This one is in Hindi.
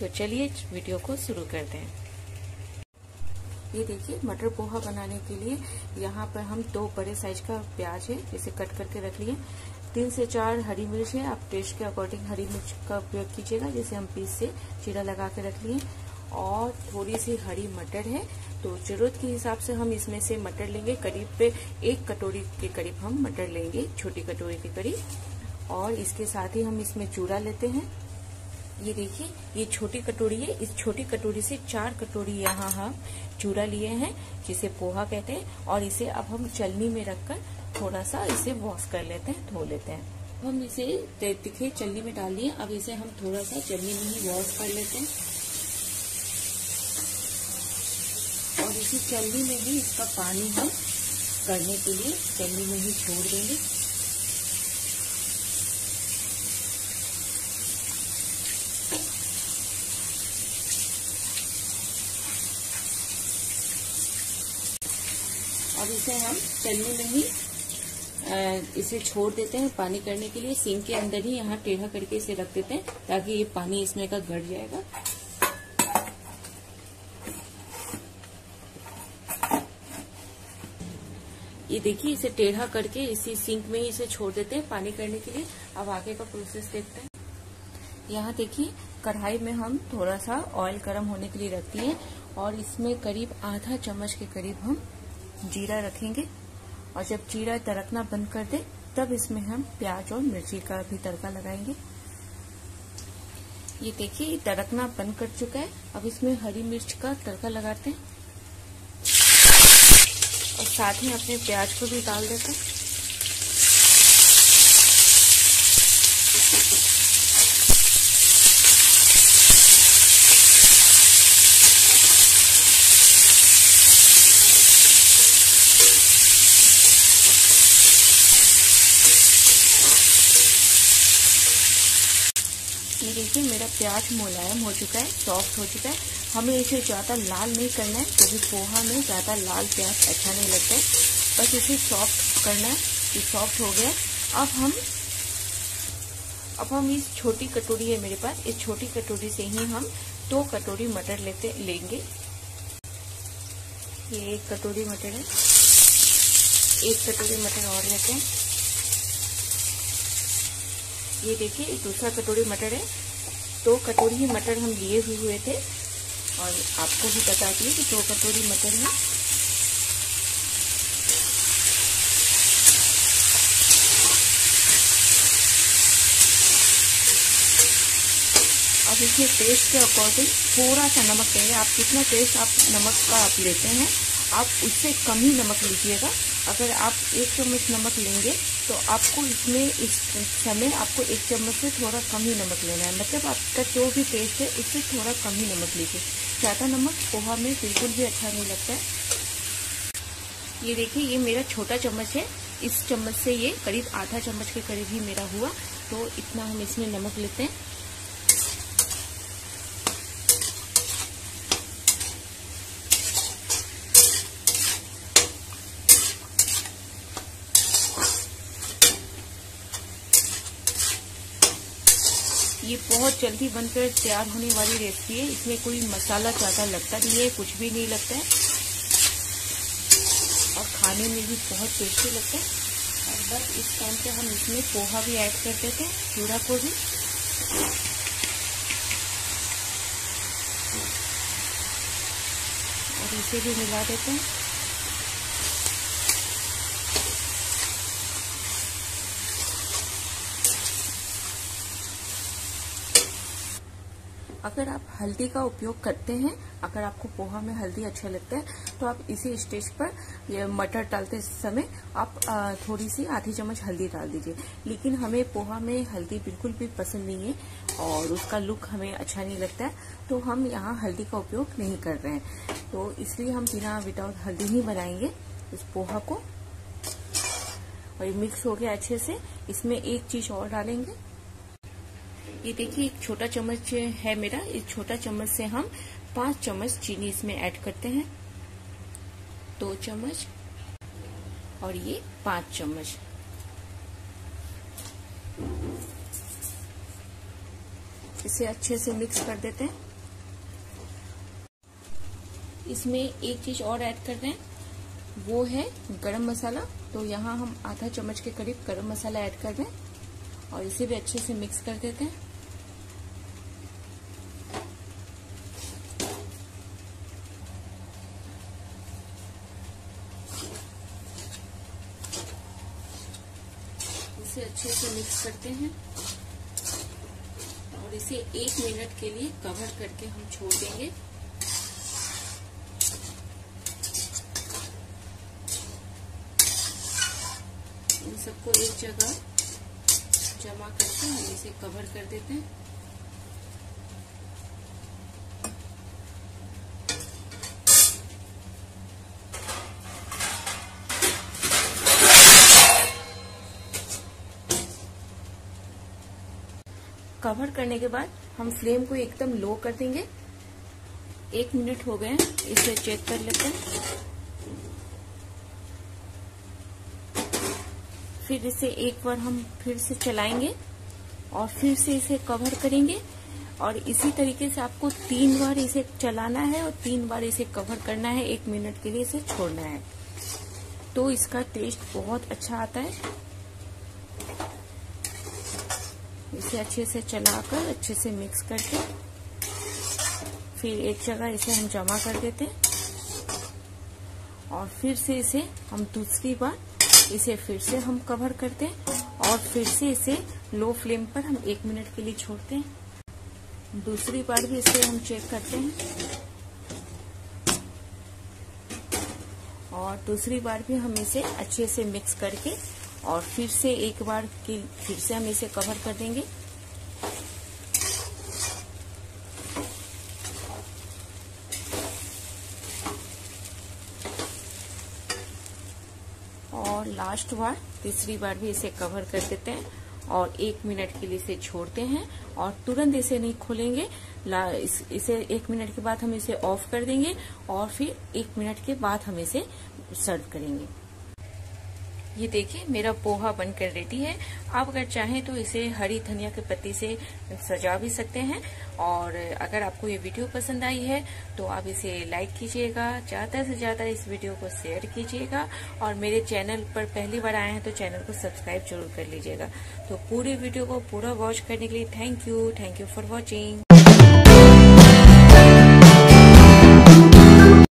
तो चलिए वीडियो को शुरू करते हैं ये देखिए मटर पोहा बनाने के लिए यहाँ पर हम दो बड़े साइज का प्याज है इसे कट करके रख लिए तीन से चार हरी मिर्च है आप टेस्ट के अकॉर्डिंग हरी मिर्च का उपयोग कीजिएगा जिसे हम पीस से चीरा लगा के रख लिए और थोड़ी सी हरी मटर है तो जरूरत के हिसाब से हम इसमें से मटर लेंगे करीब पे एक कटोरी के करीब हम मटर लेंगे छोटी कटोरी के करीब और इसके साथ ही हम इसमें चूड़ा लेते हैं ये देखिए ये छोटी कटोरी है इस छोटी कटोरी से चार कटोरी यहाँ हम चूड़ा लिए हैं जिसे पोहा कहते हैं और इसे अब हम चलनी में रखकर थोड़ा सा इसे वॉश कर लेते हैं धो लेते हैं हम इसे तिखे चलनी में डाल दिए अब इसे हम थोड़ा सा चलनी में ही वॉश कर लेते हैं और इसी चलनी में ही इसका पानी हम करने के लिए चलनी में ही छोड़ देंगे अब इसे हम चलने में ही इसे छोड़ देते हैं पानी करने के लिए सिंक के अंदर ही यहाँ टेढ़ा करके इसे रख देते हैं ताकि ये पानी इसमें का घट जाएगा ये देखिए इसे टेढ़ा करके इसी सिंक में ही इसे छोड़ देते हैं पानी करने के लिए अब आगे का प्रोसेस देखते हैं यहाँ देखिए कढ़ाई में हम थोड़ा सा ऑयल गर्म होने के लिए रखती है और इसमें करीब आधा चम्मच के करीब हम जीरा रखेंगे और जब जीरा तड़कना बंद कर दे तब इसमें हम प्याज और मिर्ची का भी तड़का लगाएंगे ये देखिए ये तड़कना बंद कर चुका है अब इसमें हरी मिर्च का तड़का लगाते हैं और साथ ही अपने प्याज को भी डाल देते हैं ये देखिए मेरा प्याज मुलायम हो चुका है सॉफ्ट हो चुका है हमें इसे ज़्यादा लाल नहीं करना है क्योंकि पोहा में ज़्यादा लाल प्याज अच्छा नहीं लगता है बस इसे सॉफ्ट करना है ये सॉफ्ट हो गया अब हम अब हम इस छोटी कटोरी है मेरे पास इस छोटी कटोरी से ही हम दो तो कटोरी मटर लेते लेंगे ये एक कटोरी मटर है एक कटोरी मटर और लेते हैं ये देखिए एक दूसरा कटोरी मटर है दो कटोरी ही मटर हम लिए हुए हुए थे और आपको भी बता दिए कि दो तो कटोरी मटर है अब इसमें टेस्ट के अकॉर्डिंग थोड़ा सा नमक चाहिए आप कितना टेस्ट आप नमक का आप लेते हैं आप उससे कम ही नमक लीजिएगा अगर आप एक चम्मच नमक लेंगे तो आपको इसमें इस समय आपको एक चम्मच से थोड़ा कम ही नमक लेना है मतलब आपका जो भी टेस्ट है उससे थोड़ा कम ही नमक लीजिए ज़्यादा नमक पोहा में बिल्कुल भी अच्छा नहीं लगता है ये देखिए ये मेरा छोटा चम्मच है इस चम्मच से ये करीब आधा चम्मच के करीब ही मेरा हुआ तो इतना हम इसमें नमक लेते हैं ये बहुत जल्दी बनकर तैयार होने वाली रेसिपी है इसमें कोई मसाला ज़्यादा लगता नहीं है कुछ भी नहीं लगता है और खाने में भी बहुत टेस्टी लगता है और बस इस टाइम पे हम इसमें पोहा भी ऐड कर देते हैं चूड़ा को भी और इसे भी मिला देते हैं अगर आप हल्दी का उपयोग करते हैं अगर आपको पोहा में हल्दी अच्छा लगता है तो आप इसी स्टेज पर ये मटर डालते समय आप थोड़ी सी आधी चम्मच हल्दी डाल दीजिए लेकिन हमें पोहा में हल्दी बिल्कुल भी पसंद नहीं है और उसका लुक हमें अच्छा नहीं लगता है तो हम यहाँ हल्दी का उपयोग नहीं कर रहे हैं तो इसलिए हम बिना विदाउट हल्दी ही बनाएंगे इस पोहा को और ये मिक्स हो गया अच्छे से इसमें एक चीज और डालेंगे ये देखिए एक छोटा चम्मच है मेरा इस छोटा चम्मच से हम पांच चम्मच चीनी इसमें ऐड करते हैं दो चम्मच और ये पांच चम्मच इसे अच्छे से मिक्स कर देते हैं इसमें एक चीज और ऐड कर रहे हैं वो है गरम मसाला तो यहाँ हम आधा चम्मच के करीब गरम मसाला ऐड कर रहे हैं और इसे भी अच्छे से मिक्स कर देते हैं इसे अच्छे से मिक्स करते हैं और इसे एक मिनट के लिए कवर करके हम छोड़ देंगे इन सबको एक जगह जमा करके हम इसे कवर कर देते हैं कवर करने के बाद हम फ्लेम को एकदम लो कर देंगे एक मिनट हो गए इसे चेक कर लेते हैं फिर इसे एक बार हम फिर से चलाएंगे और फिर से इसे कवर करेंगे और इसी तरीके से आपको तीन बार इसे चलाना है और तीन बार इसे कवर करना है एक मिनट के लिए इसे छोड़ना है तो इसका टेस्ट बहुत अच्छा आता है इसे अच्छे से चलाकर अच्छे से मिक्स करके फिर एक जगह इसे हम जमा कर देते और फिर से इसे हम दूसरी बार इसे फिर से हम कवर करते हैं और फिर से इसे लो फ्लेम पर हम एक मिनट के लिए छोड़ते हैं दूसरी बार भी इसे हम चेक करते हैं और दूसरी बार भी हम इसे अच्छे से मिक्स करके और फिर से एक बार की फिर से हम इसे कवर कर देंगे और लास्ट बार तीसरी बार भी इसे कवर कर देते हैं और एक मिनट के लिए इसे छोड़ते हैं और तुरंत इसे नहीं खोलेंगे इस, इसे एक मिनट के बाद हम इसे ऑफ कर देंगे और फिर एक मिनट के बाद हम इसे सर्व करेंगे ये देखिए मेरा पोहा बनकर रेडी है आप अगर चाहें तो इसे हरी धनिया के पत्ती से सजा भी सकते हैं और अगर आपको ये वीडियो पसंद आई है तो आप इसे लाइक कीजिएगा ज़्यादा से ज़्यादा इस वीडियो को शेयर कीजिएगा और मेरे चैनल पर पहली बार आए हैं तो चैनल को सब्सक्राइब जरूर कर लीजिएगा तो पूरी वीडियो को पूरा वॉच करने के लिए thank you thank you for watching